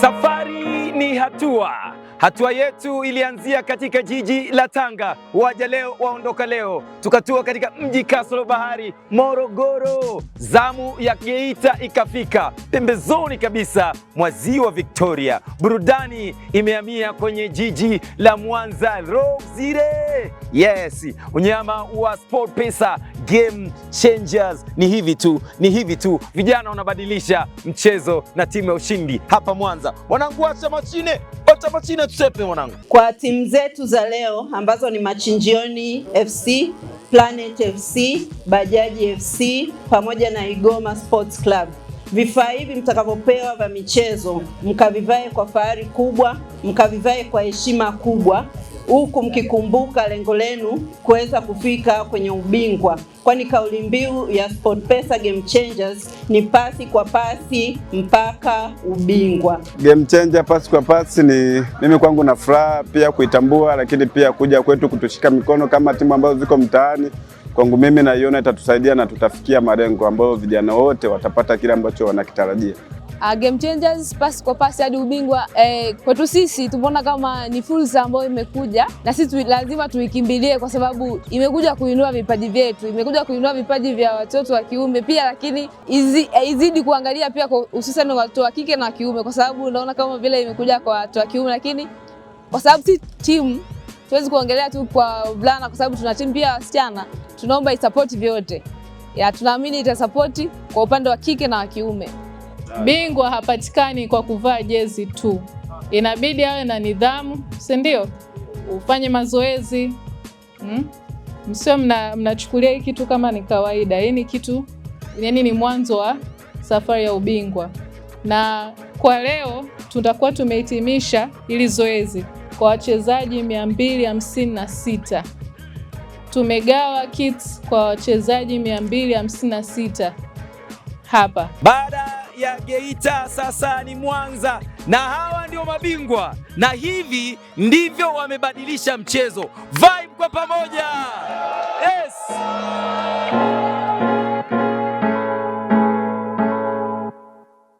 Safari ni hatua Hatua yetu ilianzia katika jiji la Tanga, waja leo waondoka leo, tukatua katika mji kasoro bahari Morogoro, zamu ya Geita ikafika pembezoni kabisa mwa ziwa Victoria. Burudani imehamia kwenye jiji la Mwanza Rovzire. Yes, unyama wa Sport Pesa Game Changers. Ni hivi tu, ni hivi tu, vijana wanabadilisha mchezo na timu ya ushindi hapa Mwanza. Wanangu, acha mashine chapachina tusepe mwanangu. Kwa timu zetu za leo ambazo ni Machinjioni FC, Planet FC, Bajaji FC pamoja na Igoma Sports Club. Vifaa hivi mtakavyopewa vya michezo mkavivae kwa fahari kubwa, mkavivae kwa heshima kubwa huku mkikumbuka lengo lenu kuweza kufika kwenye ubingwa, kwani kauli mbiu ya SportPesa Game Changers ni pasi kwa pasi mpaka ubingwa. Game changer, pasi kwa pasi, ni mimi kwangu na furaha pia kuitambua, lakini pia kuja kwetu kutushika mikono kama timu ambazo ziko mtaani kwangu mimi naiona itatusaidia na tutafikia malengo ambayo vijana wote watapata kile ambacho wanakitarajia uh, Game Changers pasi kwa pasi hadi ubingwa eh, kwetu sisi tumeona kama ni fursa ambayo imekuja na sisi tu, lazima tuikimbilie kwa sababu imekuja kuinua vipaji vyetu, imekuja kuinua vipaji vya watoto wa kiume pia, lakini izi, eh, izidi kuangalia pia kwa hususani watoto wa kike na wa kiume, kwa sababu unaona kama vile imekuja kwa watoto wa kiume, lakini kwa sababu si timu tuwezi kuongelea tu kwa vulana, kwa sababu tuna timu pia wasichana. Tunaomba isapoti vyote, ya tunaamini itasapoti kwa upande wa kike na wa kiume. Bingwa hapatikani kwa kuvaa jezi tu, inabidi awe na nidhamu, si ndio? Ufanye mazoezi hmm? Msio mnachukulia mna hii kitu kama ni kawaida. Hii ni kitu yani, ni mwanzo wa safari ya ubingwa, na kwa leo tutakuwa tumehitimisha hili zoezi kwa wachezaji sita. tumegawa kits kwa wachezaji sita hapa baada ya Geita, sasa ni Mwanza, na hawa ndio mabingwa, na hivi ndivyo wamebadilisha mchezo. Vibe kwa pamoja, yes.